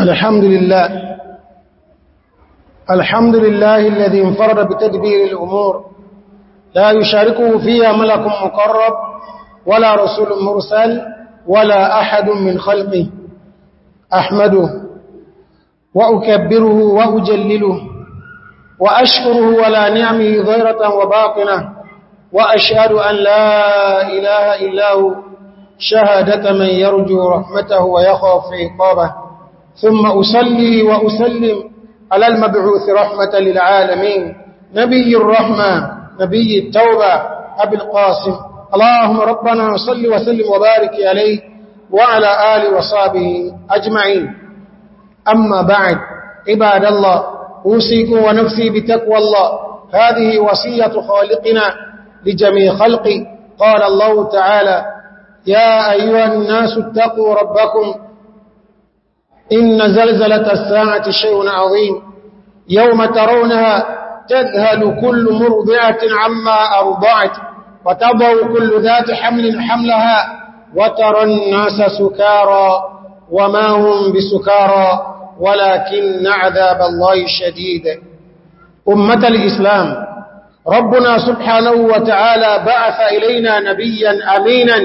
الحمد لله الحمد لله الذي انفرد بتدبير الأمور لا يشاركه فيها ملك مقرب ولا رسول مرسل ولا أحد من خلقه أحمده وأكبره وأجلله وأشكره ولا نعمه ظهرة وباطنة وأشهد أن لا إله إلا هو شهادة من يرجو رحمته ويخاف عقابه ثم أسلي وأسلم على المبعوث رحمة للعالمين نبي الرحمة نبي التوبة أبي القاسم اللهم ربنا نصلي وسلم وبارك عليه وعلى آل وصابه أجمعين أما بعد عباد الله أوسيكم ونفسي بتقوى الله هذه وصية خالقنا لجميع خلقي قال الله تعالى يا أيها الناس اتقوا ربكم إن زلزلة الساعة شيء عظيم يوم ترونها تذهل كل مرضعة عما أرضعت وتضع كل ذات حمل حملها وترى الناس سكارا وما هم بسكارا ولكن عذاب الله شديد أمة الإسلام ربنا سبحانه وتعالى بعث إلينا نبيا أمينا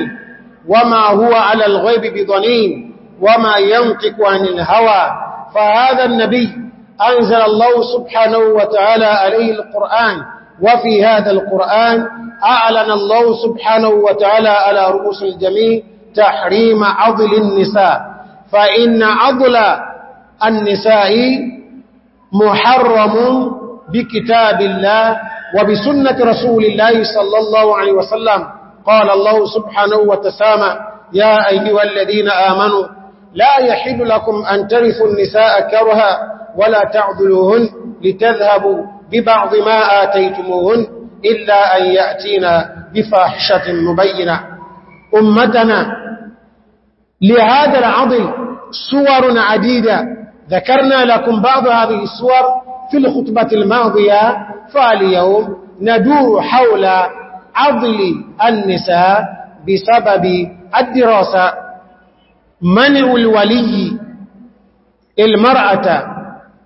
وما هو على الغيب بضنين وما ينطق عن الهوى فهذا النبي أنزل الله سبحانه وتعالى عليه القرآن وفي هذا القرآن أعلن الله سبحانه وتعالى على رؤوس الجميع تحريم عضل النساء فإن عضل النساء محرم بكتاب الله وبسنة رسول الله صلى الله عليه وسلم قال الله سبحانه وتسامى يا أيها الذين آمنوا لا يحل لكم أن ترثوا النساء كرها ولا تعذلوهن لتذهبوا ببعض ما آتيتموهن إلا أن يأتينا بفاحشة مبينة أمتنا لهذا العضل صور عديدة ذكرنا لكم بعض هذه الصور في الخطبة الماضية فاليوم ندور حول عضل النساء بسبب الدراسة منع الولي المرأة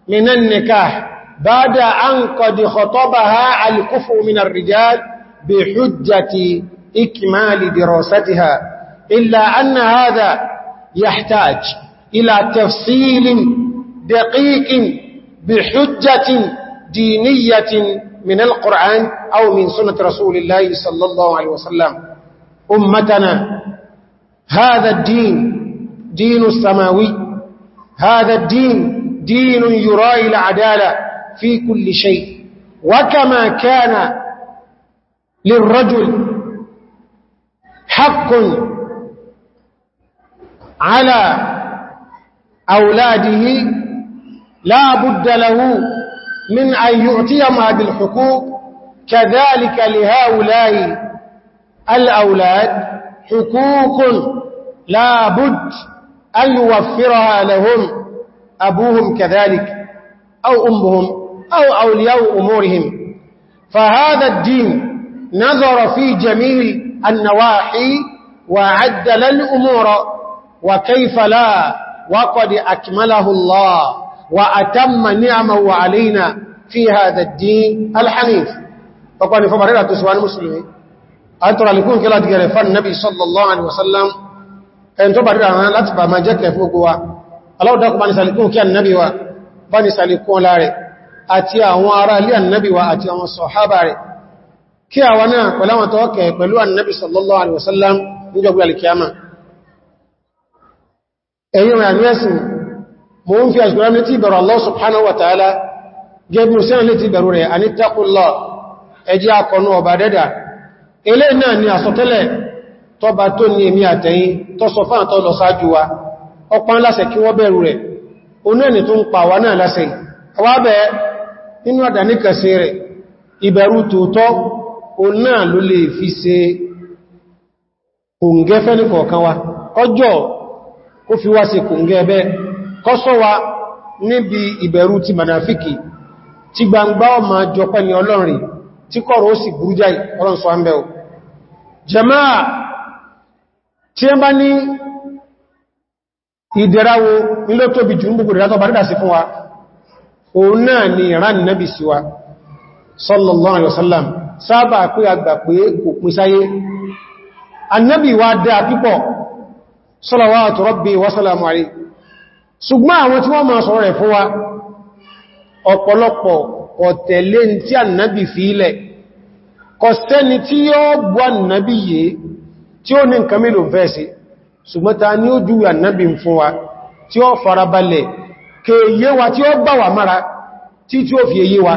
من النكاح بعد أن قد خطبها الكفء من الرجال بحجة إكمال دراستها إلا أن هذا يحتاج إلى تفصيل دقيق بحجة دينية من القرآن أو من سنة رسول الله صلى الله عليه وسلم أمتنا هذا الدين دين السماوي هذا الدين دين يرائي العدالة في كل شيء وكما كان للرجل حق على أولاده لا بد له من أن يعطيهم هذه الحقوق كذلك لهؤلاء الأولاد حقوق لا بد أن يوفرها لهم أبوهم كذلك أو أمهم أو أولياء أمورهم فهذا الدين نظر في جميع النواحي وعدل الأمور وكيف لا وقد أكمله الله وأتم نعمه علينا في هذا الدين الحنيف فقال فبريرة سواء المسلمين أترى لكون كلا تقرفان النبي صلى الله عليه وسلم ẹni tó bá rí àwọn láti bá máa jẹ́kẹ̀ fún ogun wa aláwọ̀dákù bá ní sàlìkún kí annabi wa bá ní sàlìkún ọlá rẹ̀ àti àwọn ará ilé annabi wa àti àwọn sọ̀hábà rẹ̀ kí àwọn náà pẹ̀láwọn tó kẹ̀ pẹ̀lú annabi sallallahu alaihi wasallam níjọba alkiyama ẹ̀yin rẹ̀ àmì ẹ̀sìn mo ń fi àṣìkò rámi tí tọba tó ní èmi àtẹ̀yìn tó sọ fáà tó lọ sáájú wa ọpá lásẹ̀ kí wọ́n bẹ̀rù rẹ̀ onáàni tó ń pa wa náà lásẹ̀ àwábẹ̀ nínú àdáníkàsí rẹ̀ ìbẹ̀rù tòótọ́ onáà ló lè fi ṣe kòǹgẹ́ fẹ́nìkọ̀ọ̀kan wa kọjọ́ ó fi wá jama'a tí ẹ bá ní ìdẹ̀ráwó ilé tóbi jù ń gbogbo ìrìnàtọ̀ bá sí fún wa òun náà ni ìran nẹ́bì sí wa sallallahu alaihi wasallam sábà pé àgbà pé kò pín sáyé annabi wa rabbi wa salamu alaihi ṣùgbọ́n àwọn tí wọ́n máa sọ̀rọ̀ rẹ̀ fún wa fi ilẹ̀ kọ̀sẹ́ni tí yóò gbọ́ annabi yìí tí ó ní nǹkan mélòó fẹ́ ṣùgbọ́n ta ní ó jú fún wa tí ó farabalẹ̀ kèèyé wa tí ó bá wà mara tí tí ó fi èyé wa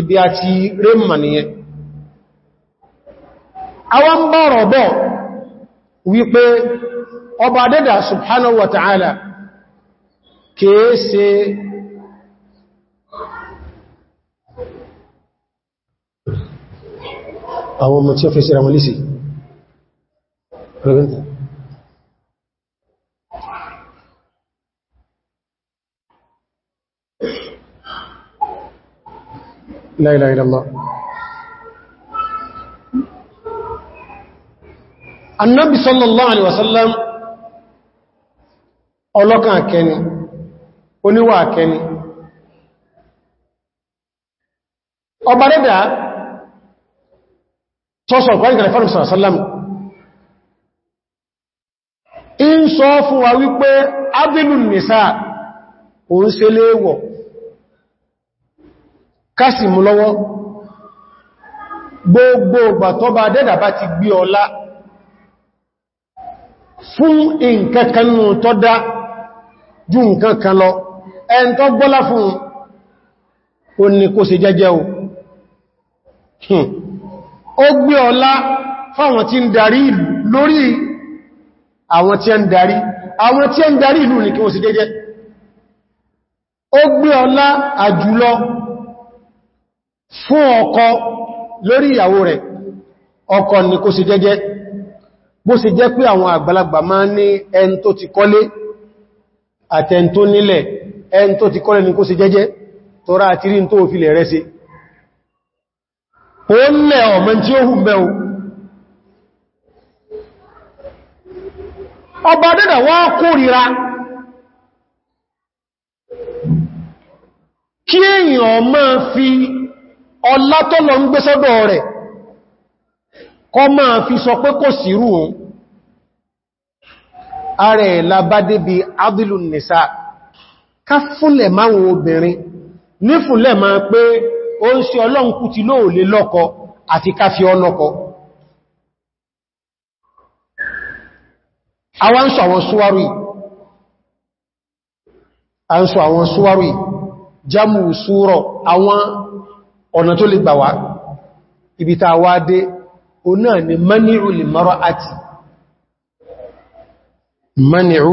ibi àti rẹ́mà nìyẹn awon bọ̀rọ̀ bọ̀ wípé ọba dẹ́dà subhanahu wa ta'ala kèé se àwọn ọmọ tí ó لا إله إلا الله النبي صلى الله عليه وسلم أولوك أكيني أولوك أكيني أبريد توصل قائد قائد صلى الله عليه وسلم ń sọ fún wa wípé adìlù nìsá ò ń ṣe léèwọ̀ kásì mú lọ́wọ́ gbogbo ìgbà tó bá dẹ́dà bá ti gbí ọlá fún nǹkankan tó dá ju nǹkankan lọ ẹn tó gbọ́lá fún o ní kó jẹ́jẹ́ o ó gbé ọlá fáwọn tí ń darí lórí àwọn tí ó ń darí àwọn tí ó ń darí ìlú ní kí wọ́n sì jẹ́jẹ́ ó gbé ọlá àjùlọ fún ọkọ lórí ìyàwó rẹ̀ ọkọ ní kó sì jẹ́jẹ́ bó sì jẹ́ pé àwọn àgbàlagbà máa ní ẹn tó ti kọ́lé àtẹn tó nílẹ̀ ẹn tó ti kọ́lé ní kó sì jẹ́jẹ́ tọ́rá àti rí tó fi lẹ̀ rẹ̀ sí ó lẹ́ ọmọ tí ó hùn bẹ́ẹ̀ ọba dẹ́dà wọ́n kúrira kí èyàn máa fi ọlá tọ́lọ ń gbé sọ́dọ̀ rẹ̀ kọ máa fi sọ pé kò sírù ohun ààrẹ labádé bí adìlù nìsá ká fúnlẹ̀ máwọn obìnrin ní fúnlẹ̀ máa pé ó ń ṣe ọlọ́nkú ti lóòlé lọ́kọ àti ká fi ọlọ́kọ̀ọ́ a wá ń sọ àwọn súwárì a ń sọ àwọn súwárì jámù súrọ̀ àwọn ọ̀nà tó lè gbà wá ibi ta wá dé o náà ni mani'u limara'ati mani'u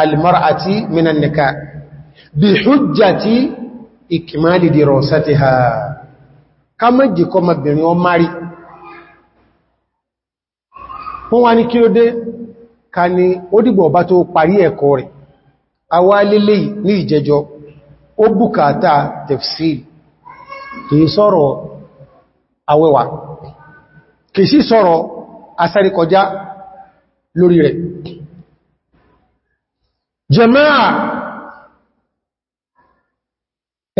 almara'ati minan nikah bi hujjati ikimali dirasatiha ká mẹ́jì kọ́ mabìnrin ọmọ rí wọ́n ní kí ó dé ká ní ó dìgbọ̀ ọba tó parí ẹ̀kọ́ rẹ̀ awá lélé ní ìjẹjọ ó bùkátà tafsir kìí sọ̀rọ̀ awẹ́wà kìí sí sọ̀rọ̀ asárikọjá lórí rẹ̀ jàmáà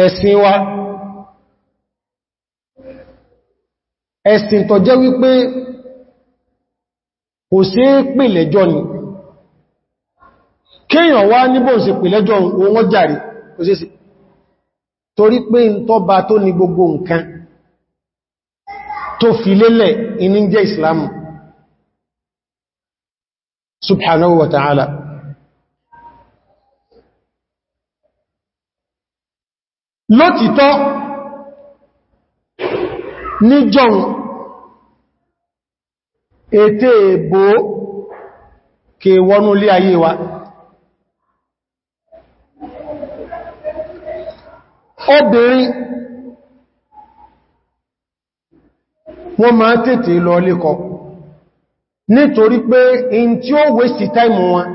ẹ̀sìn wa ẹ̀sìn tó wípé kò sí pìlẹ̀jọ́ ni kíyàn wá níbò sí pìlẹ̀jọ́ owó jàrí kò sí sí torí pé ń tọ́ba tó ní gbogbo nǹkan tó fi lélẹ̀ iní jẹ́ ìsìlámù subhanahu wa ta'ala lótìtọ́ níjọun ètè èbò kè wọnú ilé ayé wa obìnrin wọ́n máa tètè lọ lékọ nítorí pé in tí ó wéṣì táìmù wọn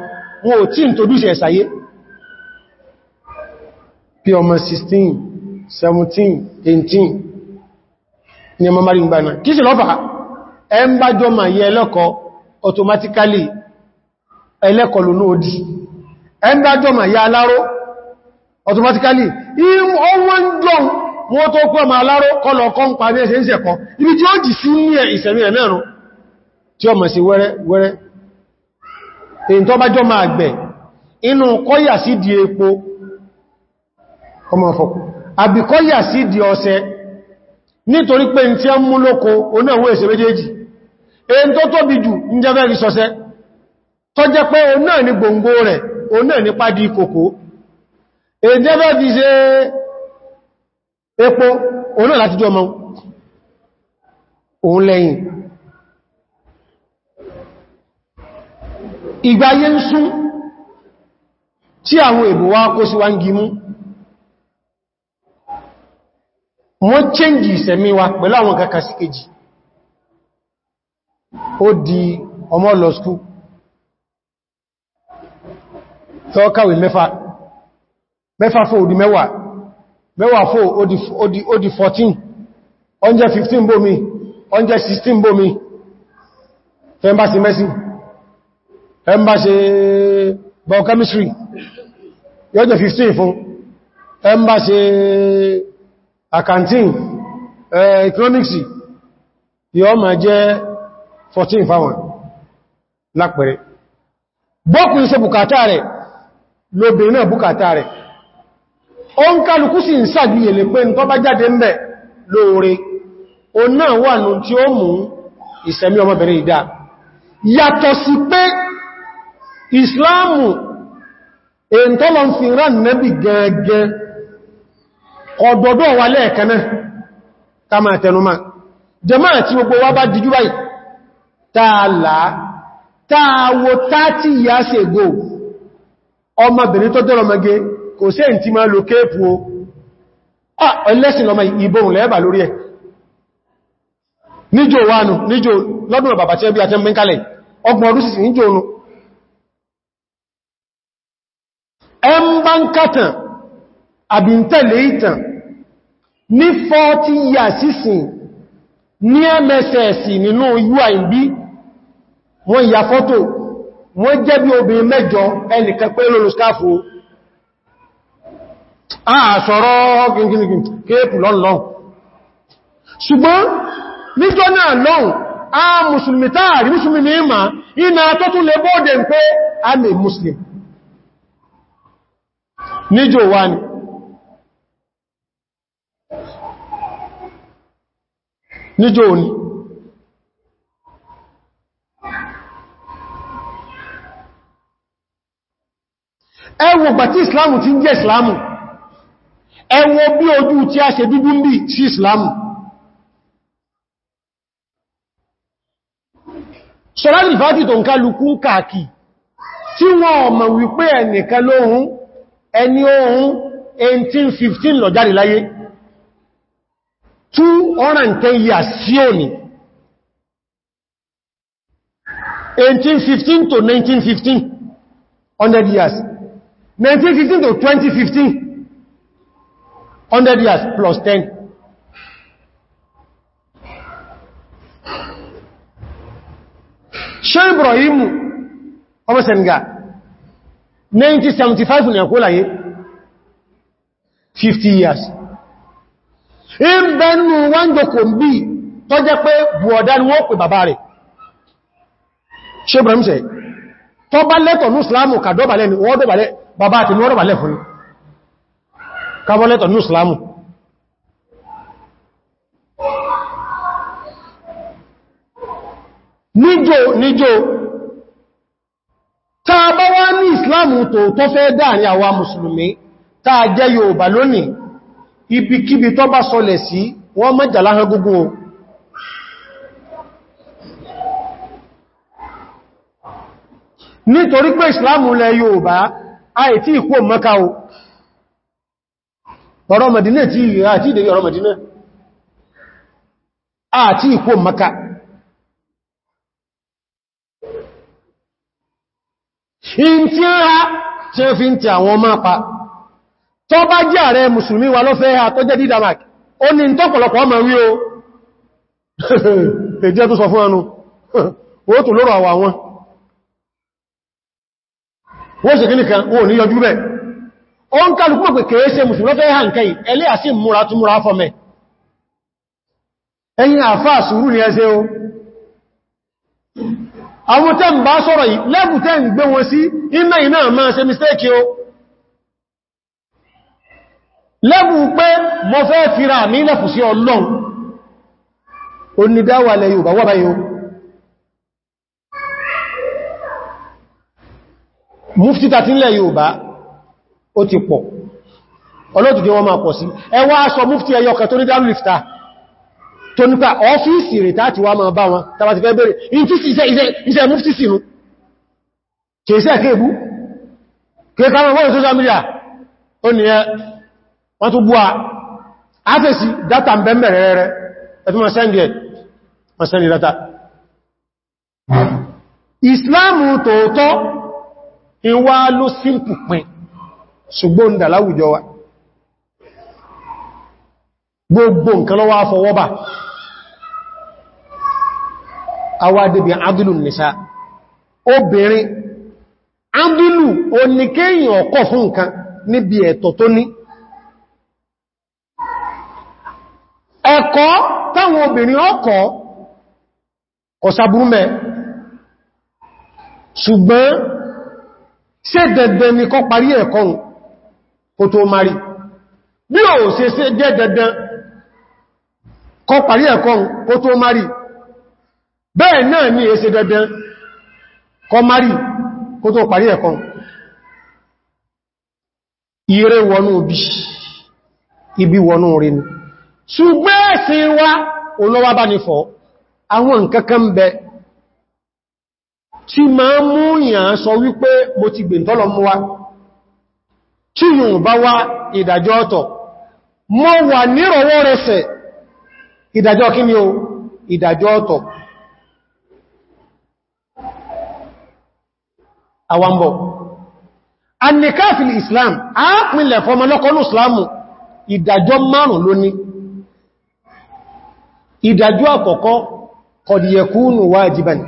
wọn ò tí ń tó dúṣẹ̀ ṣàyé bí ọmọ 16 17 18 ni ọmọ mari ń gbà náà kí sí lọ́fàá e ma yẹ ya automatically ẹlẹ́kọ́ ló ní òdí ẹmbájọ́ ma yẹ aláró automatically ọwọ́n jọun wọ́n tó kọ́ ma aláró kọlọ̀ kọ́ ń parí ẹsẹ̀ ibi tí ó jì sí ní ìsẹ̀mí ẹ̀mẹ́rún tí ó mọ̀ sí wẹ́rẹ́ wẹ́rẹ́ nítorí pé ní tí èyí tó tóbi jù ń jẹ́bẹ́ rí sọ́sẹ́ tó jẹ́ pé o náà ní gbòǹgbò rẹ̀ o náà ní pàdí kòkó èyí fi ṣe epo o náà láti jọ mọ́ òun lẹ́yìn ìgbáyé ń sún tí àwọn èbò wá kó sí wá ń gimú wọ́n chẹ́njì ìsẹ̀mí wa pẹ̀lú àwọn kàkà kejì ó di ọmọ lọ skú tó kàwé mẹ́fà mẹ́fà fò di mẹ́wàá mẹ́wàá fò ó di 14 ọjẹ́ 15 bómi ọjẹ́ 16 bómi fẹ́mbà sí mẹ́sìn ẹmbà ṣe biochemistry yóò jẹ́ 15 fún ẹmbà ṣe accounting eh, economics yóò máa jẹ́ 14 fáwọn lápẹẹrẹ bọ́kùn ṣe bùkátà rẹ̀ lóbìnrin náà bùkátà rẹ̀ o ń kálukú sí ń sàgbìyèlè pé ní tó bá jáde ń bẹ̀ lóore o náà wà nù tí ó mú ìsẹ̀mí ọmọbìnrin ìdá yàtọ̀ sí pé ìsìláàmù èyí tó lọ gbogbo wa bá dijú báyìí tààlà tààwò tààtì ìyá sí ègò ọmọbìnrin tó dọ́rọ mẹ́gẹ́ kò sí èyí tí máa lò kéèpù o ẹlẹ́sìn lọmọ ìbòrùn lẹ́ẹ̀bà lórí ẹ̀ níjò wánu níjò lọ́dún bàbá tí ẹbí àti ẹmbẹ́ ní ẹmẹsẹ̀ẹ̀sì nínú uib wọ́n ya fọ́tò wọ́n jẹ́ bí obìnrin mẹ́jọ ẹnìkan pé lórí skáfò àṣọ́rọ̀ gíngíngín kéèkù lọ́nlọ́n ṣùgbọ́n níjọ́ náà lọ́n a musulmi táàrí musulmi ní ìmá iná tó tún lè bọ́ọ̀dẹ̀ pé a lè muslim níjọ́ wa níjò ní ẹwọ gbàtí islamu ti ń jẹ́ islamu ẹwọ bí ojú tí a ṣe dúdú bí sí islamu sọ́lájì fàájì tó ń kálukú kàkì tí wọ́n ọmọ wípé ẹnìkan lóhun ẹni ohun 1815 lọ jáde láyé 210 years sí òní 1815 to 1915 hundred years 1915 to 2015 hundred years plus 10 ṣe Ibrahim ọmọ Senegal 1975 ní ẹ̀kọ́ láyé 50 years ń bẹnu wọ́n jòkó ń bí tó jẹ́ pé bùọ̀dá ni wọ́n pè bàbá rẹ̀ ṣe bẹ̀rẹ̀ ṣe tó bá lẹ́tọ̀ ní islamu ka dọ́bàlẹ́ ni wọ́n dọ́bàlẹ́ bàbá àti ní ọdọ́bàlẹ́ fún kábọ́ lẹ́tọ̀ ní islamu ní islamu ibikíbi tó bá sọlẹ̀ sí wọ́n mẹ́jà láhán gúgún o nítorí pé ìsìláàmù lẹ Yorùbá àìtí ìkú mọ́ká o ọ̀rọ̀ Mẹdínà tí ìrà àti ìdèrí ọ̀rọ̀ Mẹdínà àti ìkú mọ́ká in tí tí ń fi ń ti àwọn ọmọ pa tó bá jẹ́ ààrẹ mùsùlùmí wa lọ́fẹ́ ha tó jẹ́ dídamak ó ní tọ́pọ̀lọpọ̀ ọmọ rí o èdè tó sọ fún ẹnu ó tó lórọ̀ àwà wọn wọ́n sì kíníkà wọ́n ní yọjú bẹ́ ó ń kálukú pẹ̀ kèé ṣe mùsùlùmí lọ́fẹ́ ha nkẹ́ ẹlé àsí múra tún múra fọ́mẹ́ ẹ̀yin àfáà sùúrù mistake o lẹ́bù pé mo fẹ́ fira mi lẹ́fù sí ọlọ́run o ní dáwà lẹ yóò bá wà báyìí o mufti tàtí lẹ yóò bá ó ti pọ̀ ọlọ́tù jẹ́ wọ́n máa pọ̀ sí ẹwà aṣọ mufti ẹyọkẹ tó ní dárú lifta tó nípa ọ́fíìsì rẹ̀ tàti wà máa bá wọn tàbí fẹ́ bẹ̀rẹ̀ iṣẹ́ wọ́n tó búwa áfẹ́sì dátà bẹ̀mẹ̀rẹ̀ rẹ̀ ẹ̀tún ọ̀sẹ́ndì ẹ̀ ọ̀sẹ́ndì dátà ìsìláàmù tòótọ́ ìwá ló símpù pín ṣùgbọ́n dà láwùjọ wa gbogbo nǹkan lọ́wọ́ afọwọ́bà awádébì adìlù nìsá obìnrin adìlù oníkéyìn ọkọ̀ fún nǹkan níbi ẹ̀tọ́ tó ní ẹ̀kọ́ táwọn obìnrin ọkọ̀ ọ̀sàbúrú mẹ́ ṣùgbọ́n ṣe dẹ̀dẹ̀ ní kọ́ parí ẹ̀kọ́ kò tó mari bí ò ṣe ṣe jẹ́ dẹ̀dẹ̀ kọ́ parí ẹ̀kọ́ kò tó mari bẹ́ẹ̀ náà ní èṣe dẹ̀dẹ̀ kọ́ mari kò tó parí ẹ̀kọ́ ire wọnú ibi wọnú rí sugbe ẹ̀sìn wa olówá bá ní fọ́ àwọn nǹkankan bẹ tí ma ń mú ìyàn sọ wípé mo ti gbè tọ́lọ wa kí yùn bá wá ìdàjọ́ ọ̀tọ̀ mọ́ wà nírọ̀wọ́ rẹsẹ̀ ìdàjọ́ kí ni o ìdàjọ́ ọ̀tọ̀ àwambọ̀ islam a pínlẹ̀ fọmọlọ́kọ́lù islamu ìdàjọ́ márùn-ún lónìí ìdájú àkọ́kọ́ kọ̀dìyẹkúnù wájiban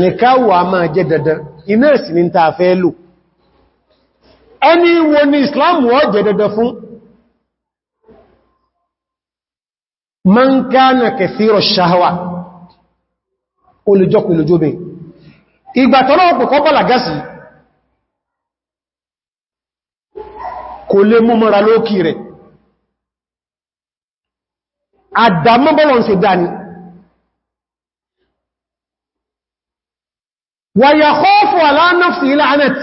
nìkáwò a máa jẹ́ dandan iná sì ní ta fẹ́ lò ẹni wo ni Islam wọ́ jẹ́ dandan fún man kana kathira shahwa olùjọ́kù ìlújóbe ìgbàtọ́rọ ọ̀pọ̀kọ́ bọ́làgásì kò lè mú mọ́ra lókì rẹ̀ àdámọ́bọ́lọ̀n sì dá ni wàyà kọ́ọ̀fù aláàánáfì ilẹ̀ anẹ́tì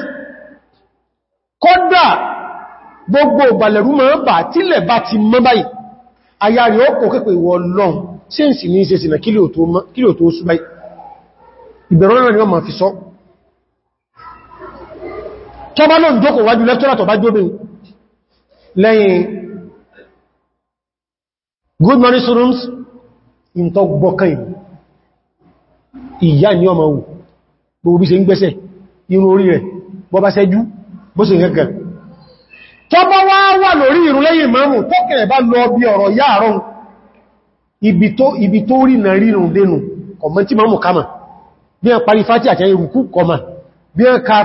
kọ́dà gbogbo ìgbàlẹ̀rú ma ń bà tílẹ̀ bá ti mọ́ báyìí ayá rí ọkọ̀ kẹ́kẹ́ ìwọ̀ lọ́n sí ń sì ní ṣe sí lẹ́yìn good morning students in tó gbọ́kàn ìlú ni ọmọ wù gbogbo bí irun ori re bọ́ bá ṣẹ́jú bó ṣe gẹ́gẹ́ tó bá wá wà irun lẹ́yìn mọ́mù tó kẹ̀rẹ̀ bá lọ bí ọ̀rọ̀ yáàrùn ibi tó ri na rírun dénú ọmọ kama bí ẹ parí fátí àti ìrùkú kọma ka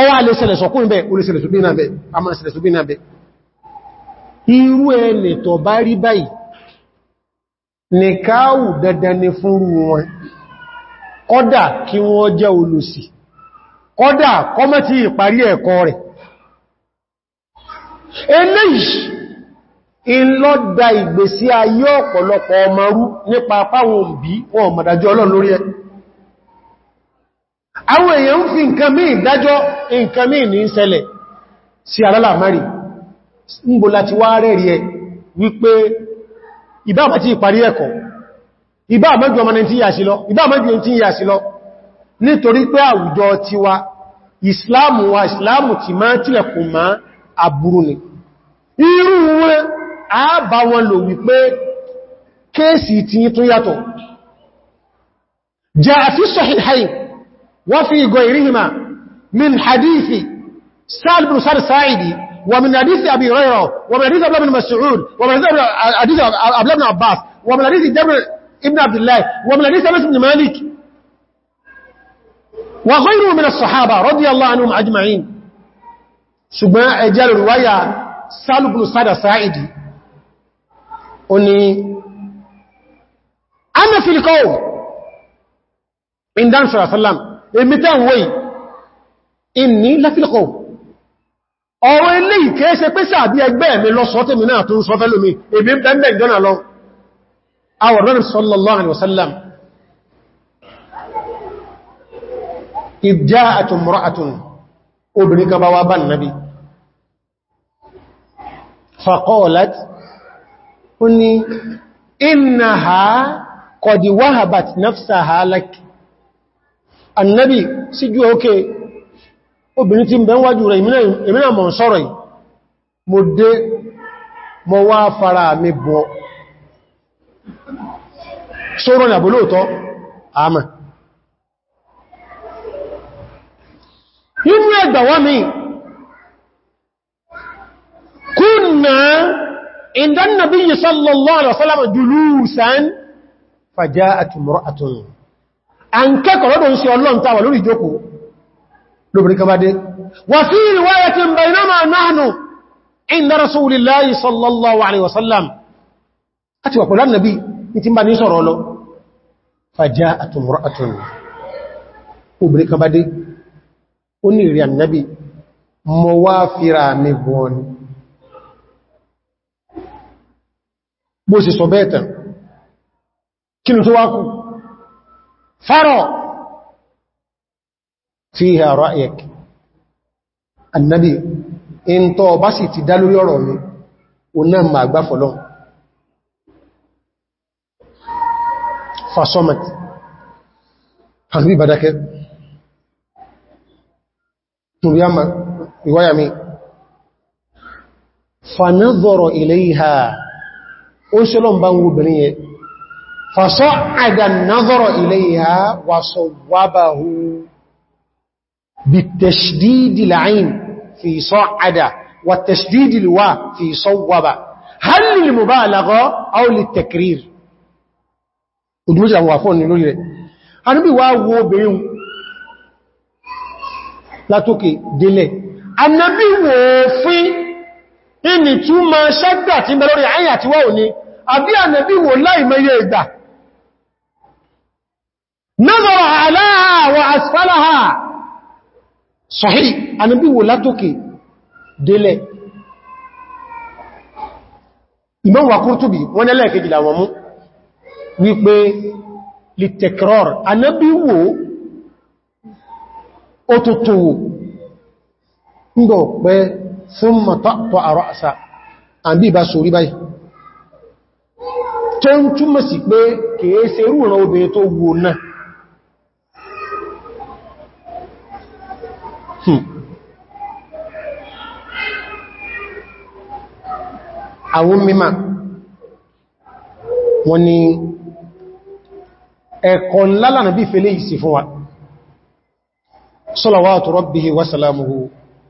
ọwá lè ṣẹlẹ̀ sọkún bẹ́ olè ṣẹlẹ̀ irú ẹni tó bá rí báyìí nìkáàwù dandan ni fúnrú wọn kọ́dà kí wọ́n jẹ́ olùsì kọ́dà kọ́mọ́ tí ìparí ẹ̀kọ́ rẹ̀ eléyìí ìlọ́dà ìgbésí ayé ọ̀pọ̀lọpọ̀ ọmọrú nípa apáwọn òbí wọn mọ̀dájọ́ ọlọ́run lórí ẹ̀ àwọn èèyàn ń fi nǹkan mí ìdájọ́ nǹkan mí ní ìṣẹ̀lẹ̀ sí alálàmárì níbo láti wá rẹ̀rí ẹ wípé ìbáàmà ti ìparí ẹ̀kọ́ ìbáàmà ju ọmọ ní tí yà sí lọ ìbáàmà ju tí yà sí lọ nítorí pé àwùjọ tiwa ìsìláàmù wa ìsìláàmù ti máa tilẹ̀kùn máa àbúrú ni irú wọn a bá wọn lò wípé kéèsì tí tó yàtọ̀ jẹ́ àfi sahihayn wa fi ghayrihima min hadithi Sa'd bin Sa'd ومن حديث أبي هريرة ومن حديث ابن مسعود ومن حديث أبلا بن عباس ومن حديث جابر ابن عبد الله ومن حديث أنس بن مالك وغيره من الصحابة رضي الله عنهم أجمعين ṣùgbọ́n ẹjẹ́ rúwáyà انا في القوم من دان صلى الله عليه وسلم sálàm èmìtẹ́ اني لا في القوم ọ̀rọ̀ ilé ìkéése pé sàbí ẹgbẹ́ mi lọ sọ tí mi náà tó ń sọ fẹ́lú mi èbí bẹ́ẹ̀bẹ̀ jọna lọ àwọ̀rán sallallahu alaihi wasallam ìjá àtún mọ́ràtún obìnrin kan bá wá bá nàbí faqalat síjú ókè obìnrin tí ń bẹ wájú rẹ̀ ìmìnà mọ̀ sọ́rọ̀ yìí mo dé mọ wá fara mi bọ̀ sọ́rọ̀ ní àbúlóòtọ́ àmà nínú ẹgbàwọ́ mi kúnnà ìdánàbí yìí sallallahu alaihi wasallam jùlúùsàn fàjá lóbìnrin kan bá dé wà sí ìwáyẹ̀ tí baynama nahnu inda rasulillahi sallallahu alaihi wasallam a ti wà pẹ̀lú annabi ní ti bá ní sọ̀rọ̀ lọ fàjá àtùmùrọ̀tùn obìnrin kan bá dé kí ni tó wá kú fárọ̀ fíhà ra'ayek annabi in tó bá sì ti dá lórí ọ̀rọ̀ mi o náà ma gbá fọ́lọ́ fasomat hanbi badake turiyama ìwáyà mi fanazọ̀rọ̀ iléha ó ṣílọ́n bá ń obìnrin yẹ fasọ́ àdà nazọ̀rọ̀ iléha wasọ̀ wábàá بالتشديد العين في صعد والتشديد الواء في صوب هل للمبالغة أو للتكرير ودمجة موافقون نقول لي أنا بيواغو بيوم látòkè délẹ̀. Annabi wò fín inì tún ma ṣẹ́gbà tí bẹ lórí àyà tí wà ò ní, àbí annabi wò láìmẹ́yẹ ìgbà. Nazara alaha wa asfalaha sọ̀hí anìbíwò látòkè délẹ̀ Imam Qurtubi wọ́n ẹlẹ́ẹ̀kejì làwọn mú wípé litekror anìbíwò òtòtòwò ńgbọ̀ pẹ́ fún mọ̀tọ̀ àrọ̀ àṣà àbí ìbá sórí báyìí tó ń túnmọ̀ sí pé kèése rúràn obìnrin tó wù náà Hmm. àwọn mímá wọn ní ẹ̀kọ́ lálànà bí fẹ́lẹ̀ ìsì fún wa salawatu rabbihi wa salamuhu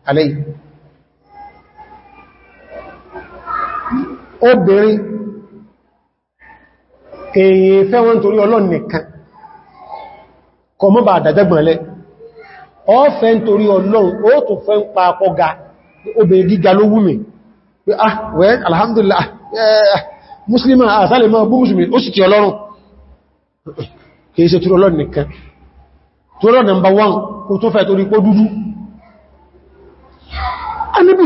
alayhi obìnrin èyí fẹ́ wọ́n torí kọmọ́ bá ọ́fẹ́ nítorí ọlọ́run ó tún fẹ́ ń pa àpọ́gá obìnrin gíga ló wú mi pé ah alhamdulillah eh, muslima àsálẹ̀ máa bú musulmi ó sì ti ọlọ́run kìí ṣe túrọ lọ́nà nìkan torí dúdú a níbi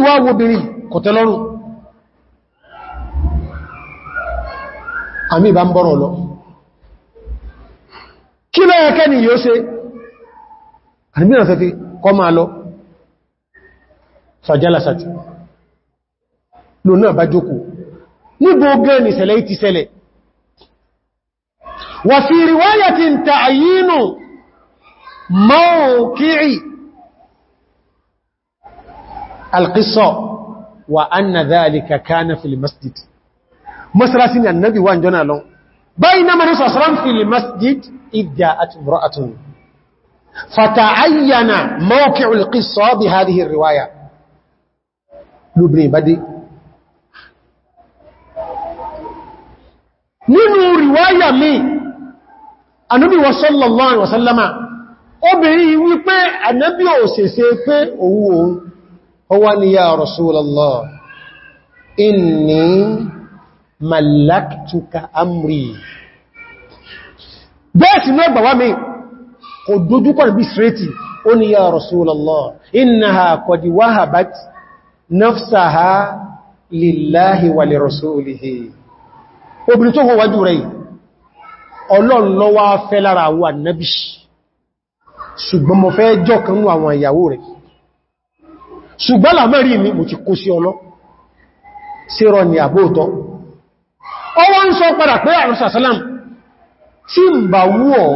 wá àdìbìnà fẹ́ fi kọ́ máa lọ fàjálásàtì ló náà bá jókò níbo gẹ́ ni ṣẹlẹ̀ ti ṣẹlẹ̀ wà fi ríwáyàtí ta àyínú mawqi'i alqissa wa anna dhalika kana fil masjid masalasi ni annabi wa njona lọ bayna فتعين موقع القصة بهذه الرواية لبني بدي nínú ríwáyà mi Ànábì wa sallallahu alaihi wasallama obìnrin wípé Ànábì ò sèse pé òun òun ọwá ni ya Rasulallah inni malaktuka amri bẹ́ẹ̀ sí mi kò dojúkọ̀ bí sírẹ́tì ó ní ya Rasulullah innaha qad wahabat nafsaha lillahi wa li rasulihi obìnrin tó wọ́wájú rẹ̀ Ọlọ́run ló wá fẹ́ lára àwọn annabi ṣùgbọ́n mo fẹ́ jọ kan àwọn ìyàwó rẹ̀ ṣùgbọ́n làmẹ́rí mi mo ti kó sí ọlọ́ sírọ ni àbóòtọ́ ọwọ́ ń sọ padà pé àrùsàsálàm tí ń bà wú ọ̀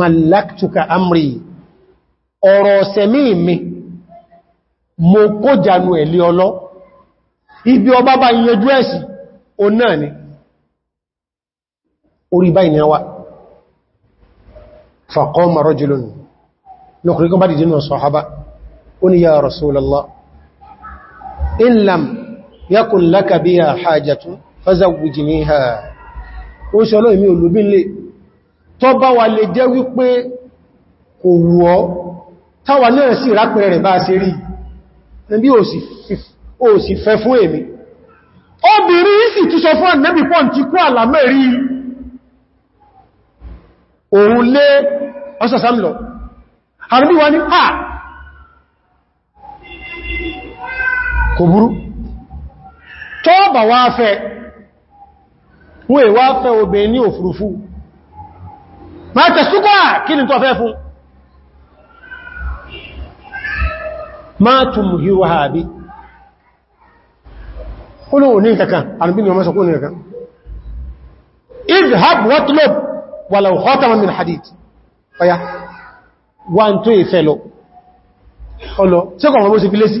malaktuka amri ọ̀rọ̀ ọ̀sẹ̀mí mi mo kó jànú ẹ̀lé ọlọ́ ibi ọba bá yẹjú ẹ̀sì o náà ni orí báyìí ni a wá faqama rajulun lọ́kùnrin kan bá dìde nínú sọ̀hábá ó ní ya Rasulallah in lam yakun laka biha hajatun fazawwijniha ó ṣe tó bá wà lè jẹ́ wípé kò wù ọ́ táwà náà sì rápẹrẹ rẹ̀ bá ṣe rí níbi ò sì fẹ́ fún èmi obìnrin sì tún sọ fún ànẹ́bì pọ́n ti kú àlàmẹ́rí òun lé ọsọ̀sánlọ̀ àrùbí wa ní ha kò burú tó bá wá fẹ́ wọ́n èwá fẹ́ obìnrin ní òfurufú ma tẹ̀sùkọ́ kí ni tó fẹ́ fún ma tún mú híwá àbí olóò ní kankan alùbí ni wọ́n mẹ́sàn kó ní kankan izhab watlub walau khataman min hadid ọya wà ń tó ìfẹ́ lọ ọlọ tí kọ̀ wọ́n bó sì fi lé sí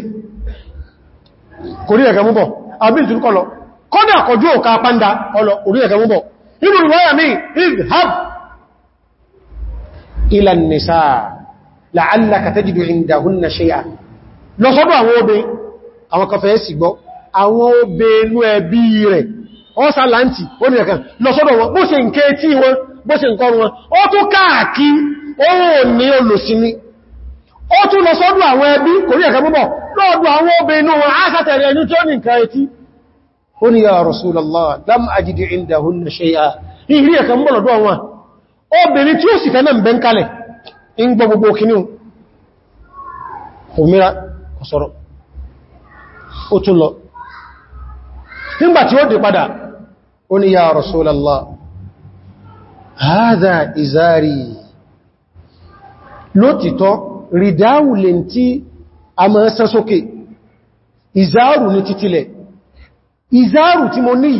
kò rí ẹ̀kẹ́ múbọ̀ إلى النساء لعلك تجد عندهن شيئا lọ sọ́dọ̀ àwọn obè àwọn kan fẹ́ sì gbọ́ àwọn obè inú ẹbí rẹ̀ ọ sàlántì ó ní ẹ̀kan lọ sọ́dọ̀ wọn bó ṣe ń ké tí wọn bó ṣe ń kọrù wọn ó tó káàkí oòrùn ní olùsíní ó tún lọ sọ́dọ̀ àwọn ẹbí kò rí ẹ̀kan púpọ̀ lọ́dọ̀ obìnrin tí ó sì fẹ́mẹ̀ bẹ́ ń kalẹ̀ in gbọ́ gbogbo kìíní òmìnira ọ̀sọ̀rọ̀ ó tún lọ nígbàtí ó dé padà ó ní ya Rasulallah hadha izari lótìtọ́ rídáwù lè tí a máa sán sókè ìzáàrù ní títílẹ̀ ìzáàrù tí mo ní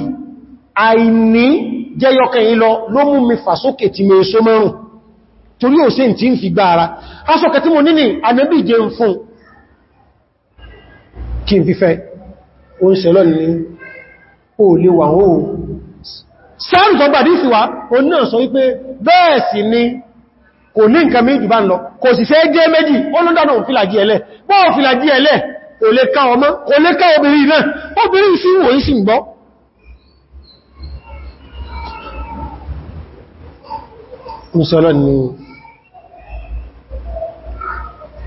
àìní jẹyọkẹ̀ yìí lọ ló mú mi fàsókè tí mo so mẹ́rùn torí ò sí tí ń fi gbá ara aṣọ́kẹ̀ tí mo ní ní anẹ́bí jẹ ń fún kí n fífẹ́ o ń sẹ́lọ ní o lè wà ó sáàrù tó gbàdí ìsìwá o náà sọ wípé bẹ́ẹ̀ sì ni kò ní nǹkan méjì bá ń lọ kò sì fẹ́ jẹ́ méjì ó ló dánà òfìlàjí ẹlẹ́ bọ́ òfìlàjí ẹlẹ́ kò lè ká ọmọ kò lè ká obìnrin náà obìnrin sí wòye sí ń gbọ́ níṣọ́lọ́ ni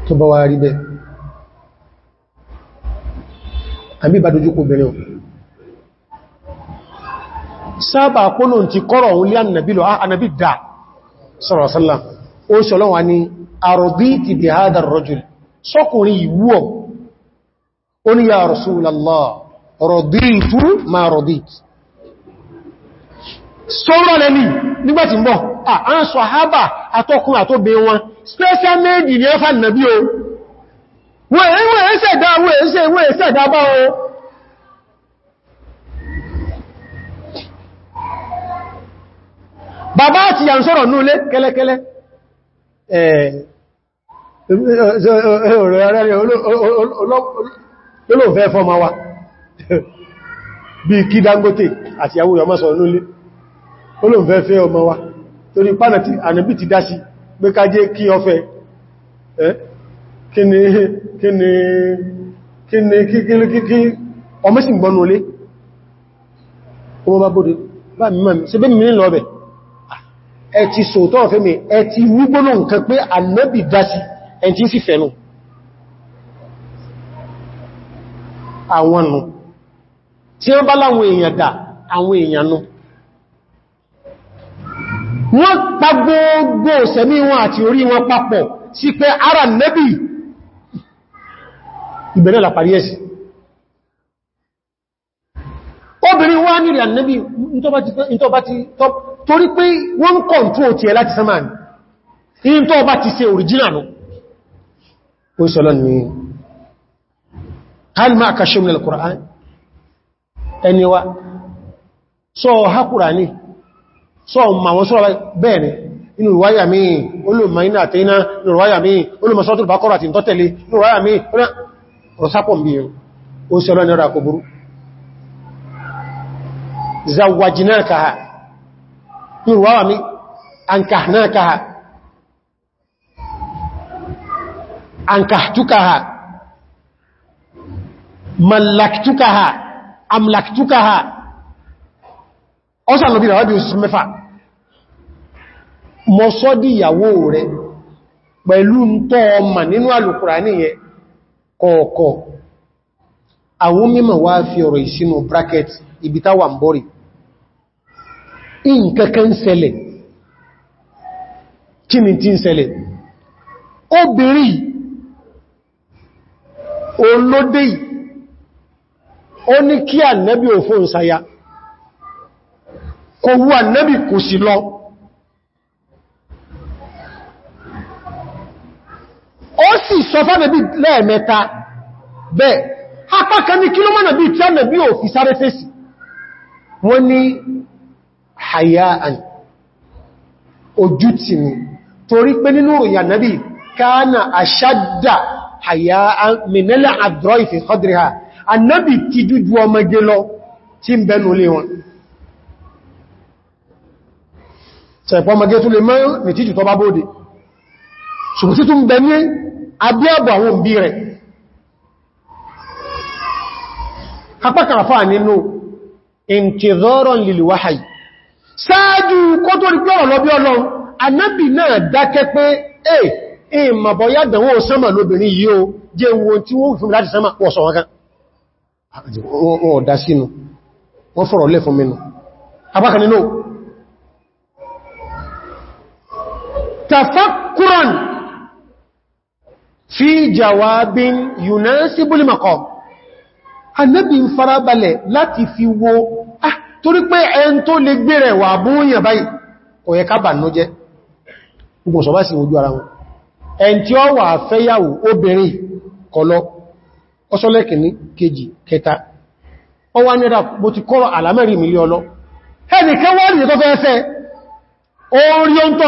tó bá wá rí bẹ́ àbí bá dojú kò bẹ̀rẹ̀ sábà kólò ti kọ́rọ̀ òun lé ànàbí lọ ah, ànàbí dà sọ̀rọ̀ sọ́lá ó ṣọ́lọ́ wa ni àrọ̀bí ti bí hádà rọ́jùl sọ́kùnrin ìwúọ̀ ó ní ya Rasulullah rọ̀dí sọ́rọ̀ lẹ́ni nígbàtí ń bọ̀ àwọn haba àtọkùn àtóbe wọn special made ní ẹfà nàbí o wọ́n ẹ̀ẹ́sẹ̀dá wọ́n ẹ̀ẹ́sẹ̀dá bá o bàbá àti yà ń sọ̀rọ̀ ní ilé kẹ́lẹ́kẹ́lẹ́ olóòfẹ́ fọ́ ma wa bí kí Dangote àti àwọn ìyàmọ́sọ̀rọ̀ ní ilé olóòfẹ́fẹ́ ọmọ wa torí pánà tí ànàbí ti dá sí pé ká jẹ́ kí ọfẹ́ ọmọ sí gbọ́nù olé ọmọ bá bóde bá mímọ̀ ah, sí bí mímọ̀ lọ́bẹ̀ ẹ àwọn nù tí wọ́n bá láwọn èèyàn dà àwọn èèyàn wọ́n pa gbogbo sẹ̀mí wọn àti orí wọn papọ̀ sí pé ara nẹ́bì ìbẹ̀rẹ̀ làpàrí ẹ̀sì obìnrin wọ́n nílẹ̀ ànẹ́bì torí pé wọ́n kọ̀ntú òtí ẹ láti sánmà ní in tó bá ti ṣe òrìjínàlù ó sọ́lọ́ ni kalma akashe min al-Qur'an ẹniwa so ha Qur'ani sọ ma wọn sọ́rọ̀ bẹ́ẹ̀ni inú ìwáyà míì olùmọ̀ iná àti iná inú ìwáyà míì olùmọ̀ sọ́tùl Baqara àti ìtọ́tẹ̀lé inú ìwáyà míì rọ̀sápọ̀ bí o ṣe ọlọ́ni ọ̀rọ̀ àkọ̀bùrú zawajinakaha inú ìwáyà míì ankahnakaha ankahtukaha mallaktukaha amlaktukaha ọ́sà lọ bí ìràwábí oṣù mẹ́fà mọ́ sọ́dí ìyàwó rẹ̀ pẹ̀lú ń tọ́ ọmọ nínú Al-Kùránì yẹ kọ̀ọ̀kọ̀ àwọn mímọ̀ wá fi ọ̀rọ̀ ìsinú bracket ibita wà ń bọ́rì nǹkankan ṣẹlẹ̀ kí ni tí ń ṣẹlẹ̀ obìnrin olóde ó ní kí ànẹ́bí òfin ṣayá kò wú ànẹ́bì kò sí lọ ó sì sọ fánàbí lẹ́ẹ̀mẹ́ta bẹ́ẹ̀ apákan ní kílọ́mọ̀nà bí tí ànẹ́bí ò fi sáré fèsì wọ́n ní hayaan ojú tì mí torí pé nínú òyìn ànẹ́bí káánà àṣádà hayaan mìnẹ́lẹ̀ àdúrà ìfẹ́ kọ́dìrí ha ànẹ́bì ti jújú ọmọge lọ tí ń bẹnu lé wọn sẹ̀pọ̀ mọ̀gẹ́ tó lè mẹ́rin ní títù tọba bóde ṣùgbọ́n títù ń bẹ ní abẹ́ ọ̀bọ̀ àwọn òbí rẹ̀ apákàfà nínú intidharan lil wahyi sáájú kó tó rí pẹ́rọ lọ bí ọlọ́run anábì náà dákẹ́ pé e ìmọ̀bọ̀yá dánwò sánmà lóbìnrin yìí o jẹ́ wo tí wó fún láti sánmà pọ̀ sọ wọn wọ́n تفكرا في جواب يناسب المقام Ànábì ń farabalẹ̀ láti fi wo ah torí pé ẹn tó lè gbẹ̀rẹ̀ wà bóyàn báyìí kò yẹ ká bà ní jẹ́ gbogbo ara wọn ẹn tí ó wà fẹ́yàwó obìnrin kọlọ ọsọlẹ́kìní kejì kẹta ọ wá nírà bó ti kọ́rọ̀ àlámẹ́rin ẹnìkẹ́ wọ́n rí tó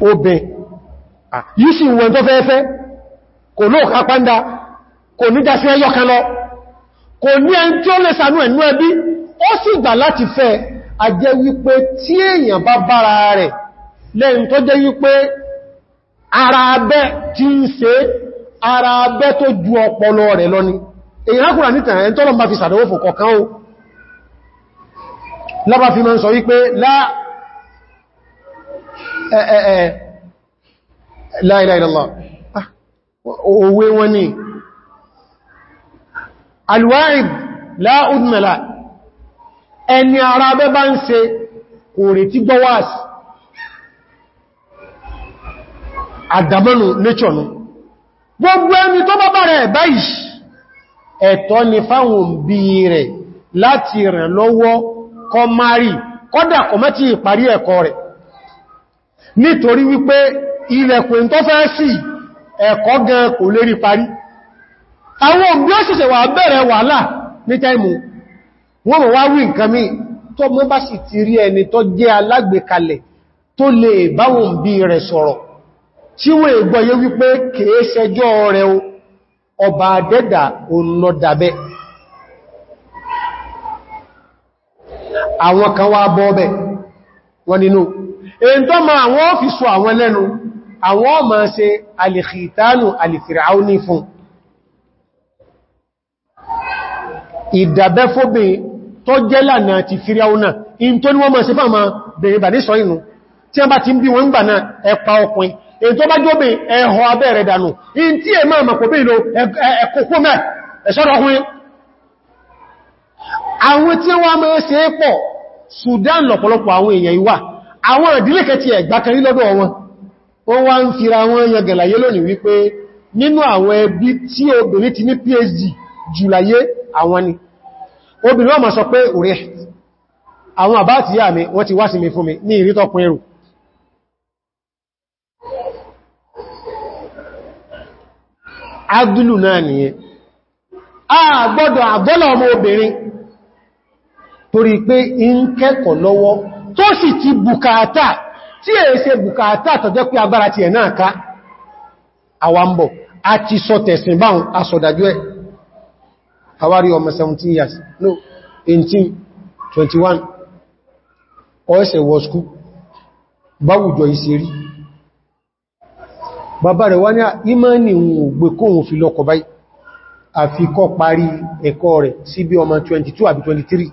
obìn ah, yìí sì wọ́n tó fẹ́ẹ́fẹ́ kò ló kápándá kò ní dá sí ẹyọkan lọ kò ní ẹn tí ó lè sànú ẹ̀nú ẹbí ó sì gbà láti fẹ́ àjẹ́ wípé tí èèyàn bá bára rẹ̀ lẹ́yìn tó jẹ́ wípé ara abẹ́ tí ń se ara abẹ́ tó ju ọpọlọ rẹ̀ lọ ni èyí rákùnrà Eh, eh, eh. la ah, òwe wọn ni la ẹni ara abẹ́ bá ń ṣe kò gbọ́wàs àdàmọ́nù gbogbo ẹni tó bá bẹ̀rẹ̀ báyìí ẹ̀tọ́ ni fáwọn bí rẹ̀ láti lọ́wọ́ kọ mari kọ́dà kọ ìparí ẹ̀kọ́ nítorí wípé ilẹ̀kùn tó fẹ́ sí ẹ̀kọ́ gan kò lè rí parí àwọn òbí ọ̀ṣẹ̀ṣẹ̀ wà bẹ̀rẹ̀ wàhálà ní táìmù wọ́n mọ̀ wá wí nǹkan mí tó mọ́ bá sì ti rí ẹni tó jẹ́ alágbèkalẹ̀ tó lè báwọn bí rẹ̀ sọ̀rọ̀ tí wọ́n ègbọ́yé wípé kèé ṣẹjọ́ rẹ̀ ọba àdẹ́dà ònlọ́dàbẹ́ àwọn kan wá bọ́ bẹ̀ wọ́n nínú èyí tó ma àwọn ọ́fíìsù àwọn lẹ́nu àwọn ọmọ ṣe alìkìtánù alìfìràúní fún ìdàbẹ́fóbe tó jẹ́là náà ti fìràúnà in tó ní wọ́n mọ̀ sí fàmà bèèrè bà ní sọ inú tí a bá ti ń bí wọn gbà náà ẹpa ọkùnrin èyí tó bá jóbe ẹ̀họ abẹ́rẹ̀ dànù in tí è máa mọ̀kò bí ìlò mẹ́ ẹ̀ṣọ́rọ̀ ọkùnrin àwọn tí wọ́n mọ́ sí pọ̀ Sudan lọ̀pọ̀lọpọ̀ àwọn èèyàn ìwà àwọn ìdílé kẹtì ẹ̀gbákarí lọ́dọ̀ wọn ó wá ń fira wọn yẹgẹ̀láyé lónìí wípé nínú àwọn ẹbí tí obìnrin ti ní phd jùláyé àwọn ni obìnrin wọ́n ma sọ pé òrẹ́ àwọn àbá àti yà mi wọ́n ti wá sí mi fún mi ní torí pé kẹ́kọ̀ọ́ tó sì ti bùkátà tí è ṣe bùkátà tọ́jẹ́ pé agbára ti ẹ̀ náà ká àwambọ̀ àti sọ tẹ̀sìn báhùn asọ̀dájú ẹ̀ àwárí ọmọ 17 years no 18 21 ọ̀ẹ́sẹ̀ wọ skú báwùjọ ìsìrí bàbá rẹ̀ wá ní ìmánì òun ògbé kóhun fi lọ́kọ̀ báyìí àfikọ́ parí ẹ̀kọ́ rẹ̀ sí bí ọmọ 22 àbí 23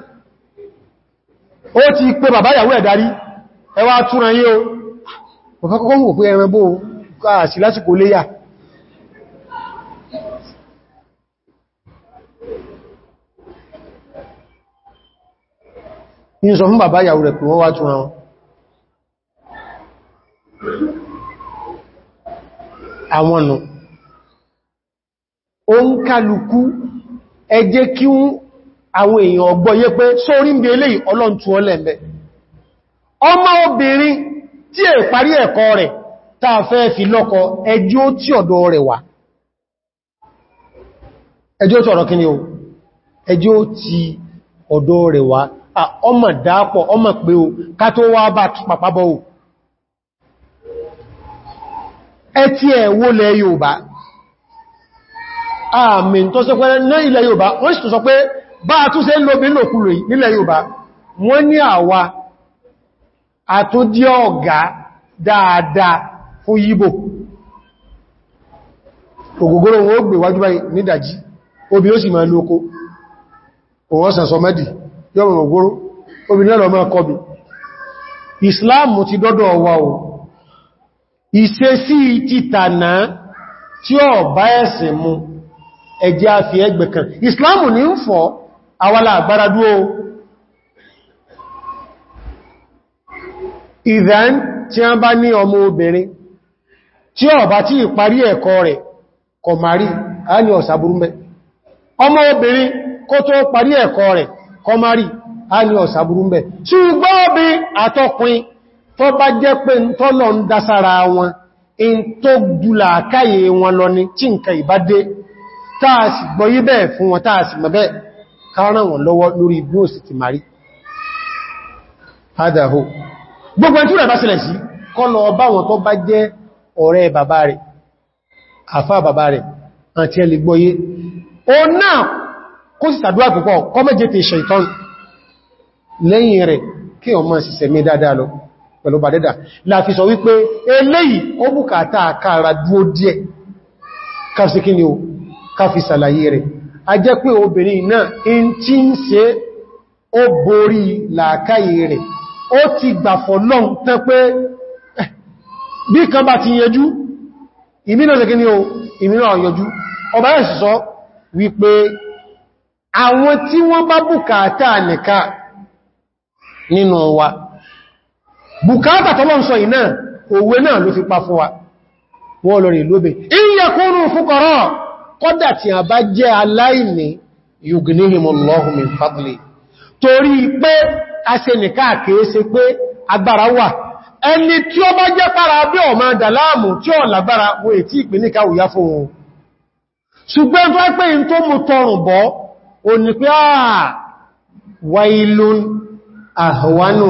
ó ti pé bàbá ìyàwó ẹ̀darí ẹwà túnra yí o ọ̀fẹ́ kọ́kọ́ ya pé ẹran bó káàsì lásìkò léyà ní sọ fún bàbá ìyàwó rẹ̀ pé wọ́n wá túnra wọn àwọn o ó ń kálukú ẹ jẹ́ àwọn èèyàn ọgbọ́ yé pé sórí ń bí eléyìí ọlọ́n ọlẹ́mẹ́ ọmọ obìnrin tí è parí ẹ̀kọ́ rẹ̀ tàà fẹ́ fi lọ́kọ ẹjọ́ tí ọ̀dọ̀ rẹ̀ wà ẹjọ́ tí ọ̀dọ̀ kíni o ẹjọ́ tí ọ̀dọ̀ rẹ̀ wà ọmọ dápọ̀ ọmọ pé o ká tó wá bá pàpàbọ̀ o ẹ ti ẹ̀ wólẹ̀ Yorùbá àmì tó ilẹ̀ Yorùbá wọ́n sì tó sọ pé bá a tún ṣe ń lóbi lòkúrò nílẹ̀ Yorùbá wọ́n ní àwa àtúndí ọ̀gá dáadáa fún yíbò ògógóró wọn ó gbè wájú báyìí nídàjí obì ó sì máa lóko òun ọ̀sán sọ mẹ́dì Islam ti dọ́dọ̀ wa o ìṣesí títànà tí ó bá ẹ̀sìn mu ẹjẹ́ àfi ẹgbẹ̀kan Islam ní ń fọ́ awala agbára dúó ìdán tí a bá ní ọmọ obìnrin tí ó bá tí ìparí ẹ̀kọ́ rẹ̀ kò mari a ní ọ̀sàbúrú mẹ́ ọmọ obìnrin kó tó parí ẹ̀kọ́ rẹ̀ kò mari a ní ọ̀sàbúrú mẹ́ ṣùgbọ́n bí àtọkùn tó bá jẹ́ pé tọ́lọ ń dására wọn in tó dùlà káyè wọn lọ ní tí nǹkan ìbádé táà gbọ́yí bẹ́ẹ̀ fún wọn táà sì káràn wọn lọ́wọ́ lórí bí ó sì ti marí adáhò gbogbo ẹni tí rẹ̀ bá sílẹ̀ sí kọ́ lọ bá wọn tó bá jẹ́ ọ̀rẹ́ bàbá rẹ̀ àfá bàbá rẹ̀ àti ẹlì gbọ́yé o náà kó sì sàdúrà púpọ̀ kọ́ mẹ́jẹ́ ti ṣẹ̀tọ́n lẹ́yìn rẹ̀ kí ọmọ ṣiṣẹ́ mi dáadáa lọ pẹ̀lú bàdẹ́dà láfi sọ wípé eléyìí ó bùkátà kára dúó díẹ̀ káfíṣẹ́ kí ni ó káfí rẹ̀ a jẹ́ pé obìnrin náà in tí ń ṣe ó borí làákàyè rẹ̀ ó ti gbà fọ́lọ́n tẹ́ pé eh, bí kan bá ti yẹjú ìmínà ṣe kí ni o ìmínà ọ̀yọjú ọba ẹ̀ sọ wípé àwọn tí wọ́n bá bùkátà nìka nínú wa bùkátà tọ́lọ́n sọ ìná òwe náà ló fi pa fún wa wọ́n lọ rí lóbe in yakunu fuqara kọ́dà tí a bá jẹ́ aláìní yugnihimullahu min fadli torí pé a ṣe nìká kèése pé agbára wà ẹni tí ó bá jẹ́ para bí ọ máa dàláàmù tí ó lágbára wo ètí ìpínlẹ̀ káwùyá fún wọn ṣùgbọ́n tó pé in tó mú tọrùn bọ́ o ní pé àà wailun ahwanu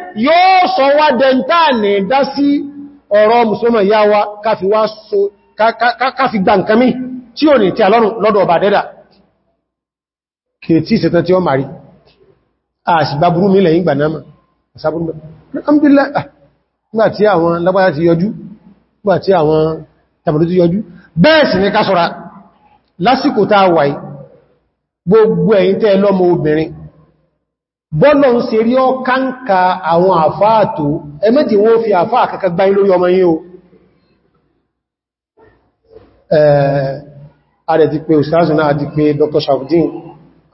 yóò sọ wá dẹntà ní dá sí ọ̀rọ̀ musulman yá wa káfi gbà nǹkan mí tí ò ní tí alọ́run lọ́dọ̀ ọba dẹ́dà kìtì ìsẹ̀tàn tí ó mari àṣìbá burú mi lẹ́yìn gbà náà ah, nígbàtí àwọn lágbàtà ti yọjú nígbàtí àwọn tàbí ti yọjú bẹ́ẹ̀ sì ní ká ṣọ́ra lásìkò tá a bọ́lọ̀ ń ṣe rí ọ káńkà àwọn àfáà tó ẹmẹ́dì wọ́n fi àfáà kàkà gbá ilórí ọmọ yín o ààrẹ ti pé òṣìṣàṣù náà ti pé Dr. shafdin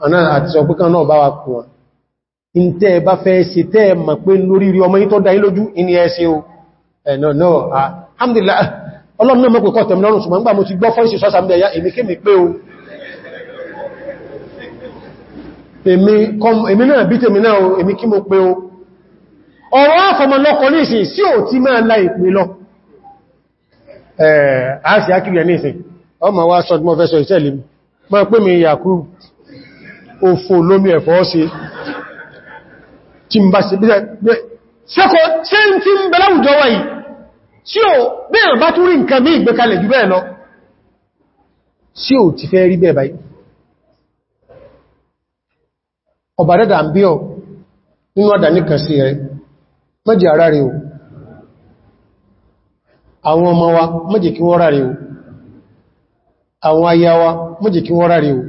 aná àti sọ pé kan náà bá wà kù wọn in tẹ́ bá fẹ́ ṣe tẹ́ mọ̀ pé lórí rí ọmọ yín tó dá yín lójú in ẹ ṣe o ẹ̀nà náà alhamdulillah èmi náà bí tèmi náà èmi kí mo pé o ọ̀rọ̀ àfọmọlọ́kọ̀ ní ìsìn sí ò tí máa láì pè lọ ààsì akìrìyà ní ìsìn ọmọ wá sọ mọ́ fẹ́sọ ìṣẹ́lì máa pè mi yàkú òfò lómi ẹ̀fọ́ sí tí ń bá sí bí sẹ́kọ̀ọ́ tí ń tí ń bẹ láwùjọ wa yìí tí ò bẹ́ẹ̀ bá ọba dẹ́dà ń bí ọ nínú ọ̀dà ní kàn sí ẹ mẹ́jì ara rẹ̀ o àwọn ọmọ wa mẹ́jì kí wọ́n rà rẹ̀ o àwọn aya wa mẹ́jì kí wọ́n rà rẹ̀ o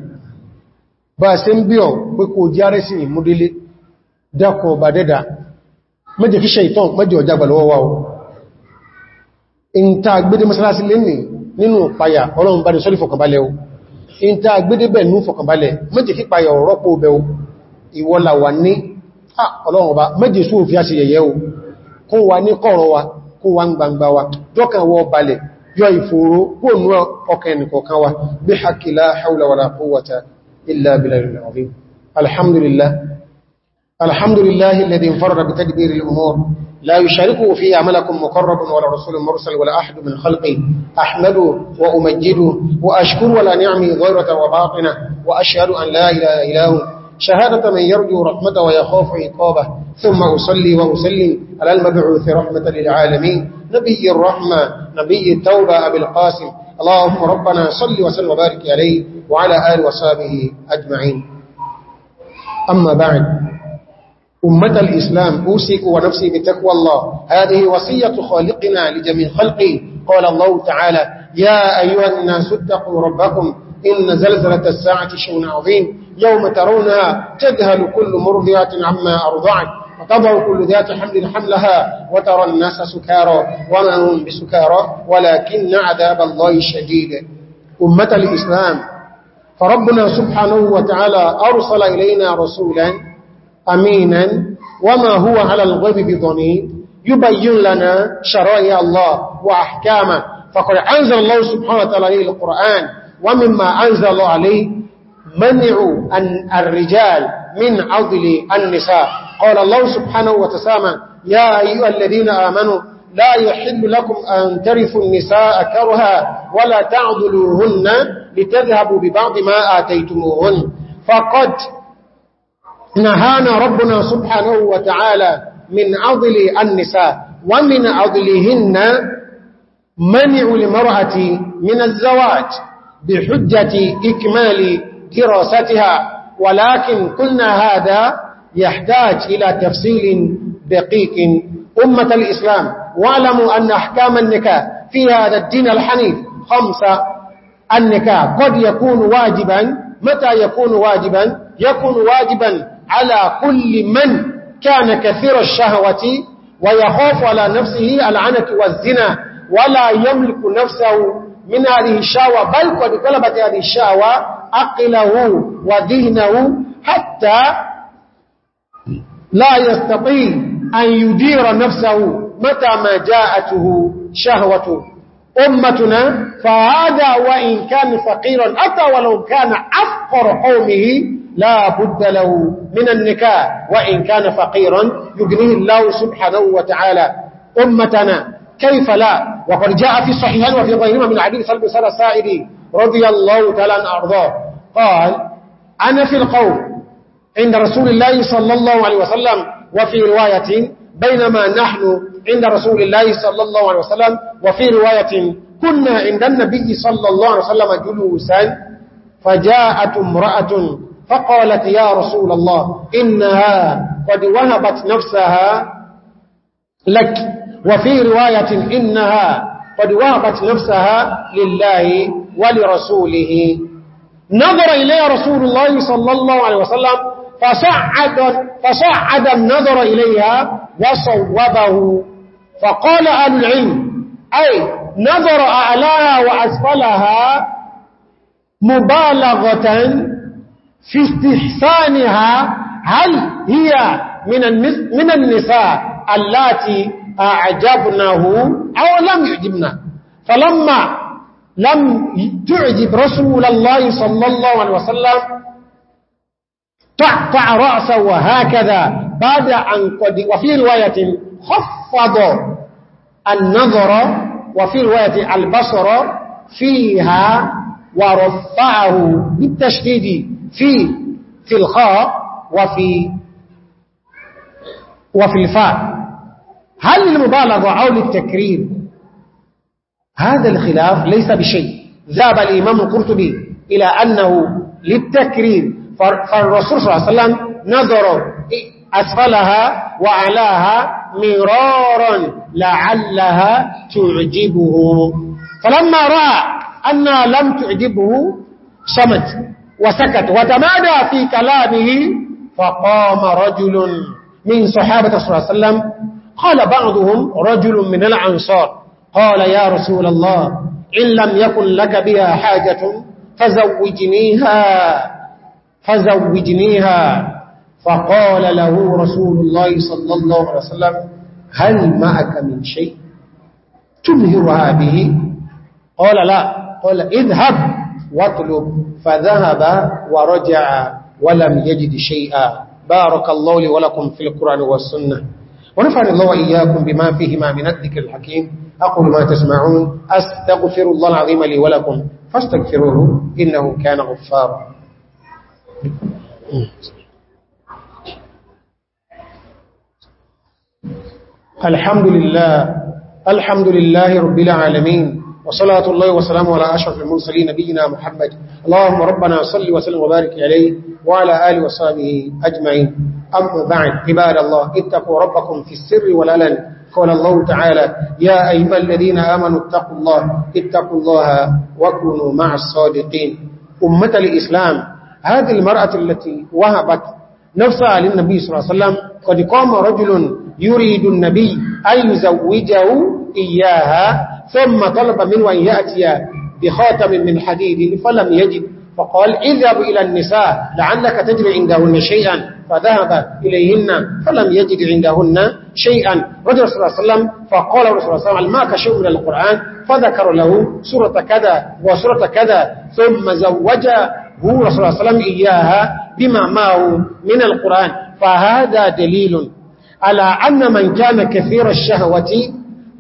bá ṣe ń bí ọ pé kó jẹ́ arẹ́ sí ìmúdílé dákọ̀ ọba dẹ́dà mẹ́jì kí ṣe ìtàn mẹ́jì ọjà gbàlọ́wọ́ wa o ìwọ́là wà ní ọlọ́run ọba méjì sóò fi àṣì yẹ̀yẹ́ o kún wa ní kọ̀rọ̀ wa kún wa ń gbangba wa dọ́kàn wọ balẹ̀ yọ ìfòòró kóònú ọkàn ẹnìkọ̀ọ̀kan wa bí haqqi la hawla wala quwwata illa billahil azim alhamdulillah alhamdulillah alladhi infarada bi tadbiri al-umur لا يشاركه فيه ملك مقرب ولا رسول مرسل ولا أحد من خلقه أحمده وأمجده وأشكر ولا نعمه ظهرة وباطنة وأشهد أن لا إله إله شهادة من يرجو رحمته ويخاف عقابه ثم أصلي وأسلم على المبعوث رحمة للعالمين نبي الرحمة نبي التوبة أبي القاسم اللهم ربنا صل وسلم وبارك عليه وعلى آل وصابه أجمعين أما بعد أمة الإسلام أوسك ونفسي بتقوى الله هذه وصية خالقنا لجميع خلقه قال الله تعالى يا أيها الناس اتقوا ربكم إن زلزلة الساعة شون عظيم يوم ترونها تذهل كل مرضيات عما أرضعت وتضع كل ذات حمل حملها وترى الناس سكارى وما هم بسكارى ولكن عذاب الله شديد أمة الإسلام فربنا سبحانه وتعالى أرسل إلينا رسولا أمينا وما هو على الغيب بضنين يبين لنا شرائع الله وأحكامه فقد أنزل الله سبحانه وتعالى القرآن ومما أنزل عليه منع الرجال من عضل النساء قال الله سبحانه وتسامى يا أيها الذين آمنوا لا يحل لكم أن ترفوا النساء كرها ولا تعضلوهن لتذهبوا ببعض ما آتيتموهن فقد نهانا ربنا سبحانه وتعالى من عضل النساء ومن عضلهن منع المرأة من الزواج بحجة إكمال دراستها ولكن قلنا هذا يحتاج إلى تفصيل دقيق أمة الإسلام واعلموا أن أحكام النكاح في هذا الدين الحنيف خمسة النكاح قد يكون واجبا متى يكون واجبا يكون واجبا على كل من كان كثير الشهوة ويخاف على نفسه العنك والزنا ولا يملك نفسه من هذه الشهوة بل قد قلبت هذه الشهوة أقله وذهنه حتى لا يستطيع أن يدير نفسه متى ما جاءته شهوة أمتنا فهذا وإن كان فقيرا أتى ولو كان أفقر حومه لا بد له من النكاح وإن كان فقيرا يجنيه الله سبحانه وتعالى أمتنا كيف لا وقد جاء في الصحيحين وفي غيرهما من عبد سلم سنة سائري رضي الله تعالى أرضاه قال أنا في القوم عند رسول الله صلى الله عليه وسلم وفي رواية بينما نحن عند رسول الله صلى الله عليه وسلم وفي رواية كنا عند النبي صلى الله عليه وسلم جلوسا فجاءت امرأة فقالت يا رسول الله إنها قد وهبت نفسها لك وفي رواية إنها قد وهبت نفسها لله ولرسوله نظر إليها رسول الله صلى الله عليه وسلم فصعد, فصعد النظر إليها وصوبه فقال أهل العلم أي نظر أعلاها وأسفلها مبالغة في استحسانها هل هي من, من النساء التي أعجبناه أو لم يعجبنا فلما لم تعجب رسول الله صلى الله عليه وسلم تعطع رأسه وهكذا بعد أن قد وفي رواية خفض النظر وفي رواية البصر فيها ورفعه بالتشديد في في الخاء وفي وفي الفاء هل المبالغة أو للتكريم هذا الخلاف ليس بشيء ذهب الإمام القرطبي إلى أنه للتكريم فالرسول صلى الله عليه وسلم نظر أسفلها وعلاها مرارا لعلها تعجبه فلما رأى أنها لم تعجبه صمت وسكت وتمادى في كلامه فقام رجل من صحابة صلى الله عليه وسلم قال بعضهم رجل من العنصار قال يا رسول الله إن لم يكن لك بها حاجة فزوجنيها فزوجنيها فقال له رسول الله صلى الله عليه وسلم هل معك من شيء تبهرها به قال لا قال اذهب واطلب فذهب ورجع ولم يجد شيئا بارك الله لي ولكم في القرآن والسنة ونفعل الله إياكم بما فيهما من الذكر الحكيم أقول ما تسمعون أستغفر الله العظيم لي ولكم فاستغفروه إنه كان غفارا الحمد لله الحمد لله رب العالمين وصلاة الله وسلامه على أشرف المرسلين نبينا محمد اللهم ربنا صل وسلم وبارك عليه وعلى آله وصحبه أجمعين أما بعد عباد الله اتقوا ربكم في السر والألن قال الله تعالى يا أيها الذين آمنوا اتقوا الله اتقوا الله وكونوا مع الصادقين أمة الإسلام هذه المرأة التي وهبت نفسها للنبي صلى الله عليه وسلم قد قام رجل يريد النبي أن يزوجه إياها ثم طلب منه أن يأتي بخاتم من حديد فلم يجد فقال اذهب إلى النساء لعلك تجري عندهن شيئا فذهب إليهن فلم يجد عندهن شيئا رجل صلى الله عليه وسلم فقال رسول الله صلى الله عليه وسلم معك شيء من القرآن فذكر له سورة كذا وسورة كذا ثم زوج هو صلى الله عليه وسلم إياها بما معه من القرآن فهذا دليل على أن من كان كثير الشهوة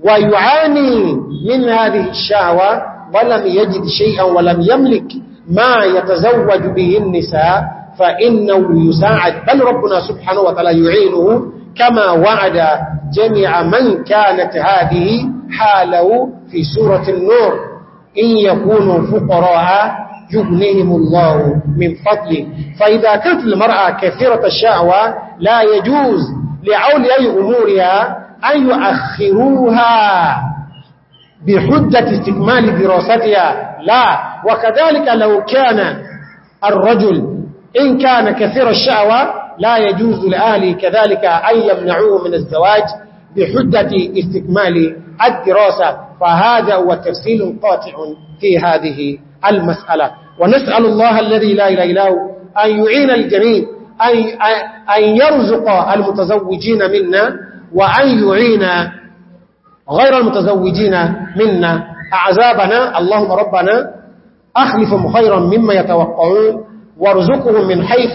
ويعاني من هذه الشهوة ولم يجد شيئا ولم يملك ما يتزوج به النساء فإنه يساعد بل ربنا سبحانه وتعالى يعينه كما وعد جميع من كانت هذه حاله في سورة النور إن يكونوا فقراء يغنيهم الله من فضله فإذا كانت المرأة كثيرة الشهوة لا يجوز لعولي أمورها أن يؤخروها بحجة استكمال دراستها لا وكذلك لو كان الرجل إن كان كثير الشعوى لا يجوز لأهله كذلك أن يمنعوه من الزواج بحجة استكمال الدراسة فهذا هو تفصيل قاطع في هذه المسألة ونسأل الله الذي لا إله إلا هو أن يعين الجميع أن يرزق المتزوجين منا وأن يعين غير المتزوجين منا أعزابنا اللهم ربنا أخلفهم خيرا مما يتوقعون وارزقهم من حيث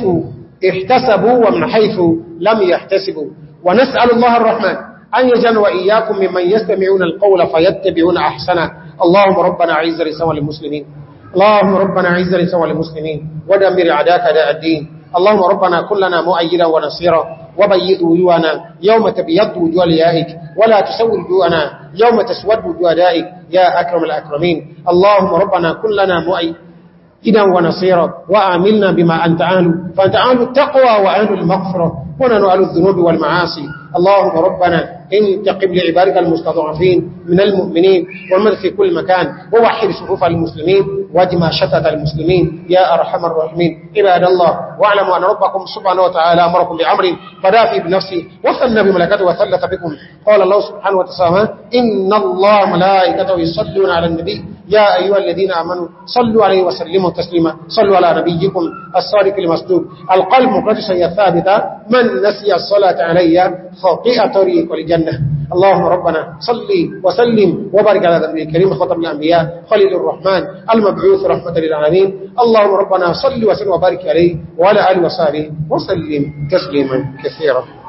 احتسبوا ومن حيث لم يحتسبوا ونسأل الله الرحمن أن يجن وإياكم ممن يستمعون القول فيتبعون أحسنه اللهم ربنا عز لسوى للمسلمين اللهم ربنا عز لسوى للمسلمين ودمر عداك داء الدين اللهم ربنا كلنا مؤيدا ونصيرا وبيض وجوانا يوم تبيض وجوه ليائك ولا تسود وجوانا يوم تسود وجوه دائك يا أكرم الأكرمين اللهم ربنا كلنا مؤيدا ونصيرا وآملنا بما أنت أهل فأنت أهل التقوى وأهل المغفرة وننعل الذنوب والمعاصي اللهم ربنا انتقم لعبادك المستضعفين من المؤمنين ومن في كل مكان ووحد صفوف المسلمين ودما شتت المسلمين يا أرحم الراحمين عباد الله واعلموا أن ربكم سبحانه وتعالى أمركم بعمر فدافي بنفسه وثنى بملكته وثلث بكم قال الله سبحانه وتعالى إن الله ملائكته يصلون على النبي يا أيها الذين آمنوا صلوا عليه وسلموا تسليما صلوا على نبيكم الصادق المصدوق القلب مقدسا الثابتة من نسي الصلاة علي خطئ طريق الجنة اللهم ربنا صلي وسلم وبارك على ذنبه الكريم خطب الأنبياء خليل الرحمن المبعوث رحمة للعالمين اللهم ربنا صلي وسلم وبارك عليه وعلى أهل وصحبه وسلم تسليما كثيرا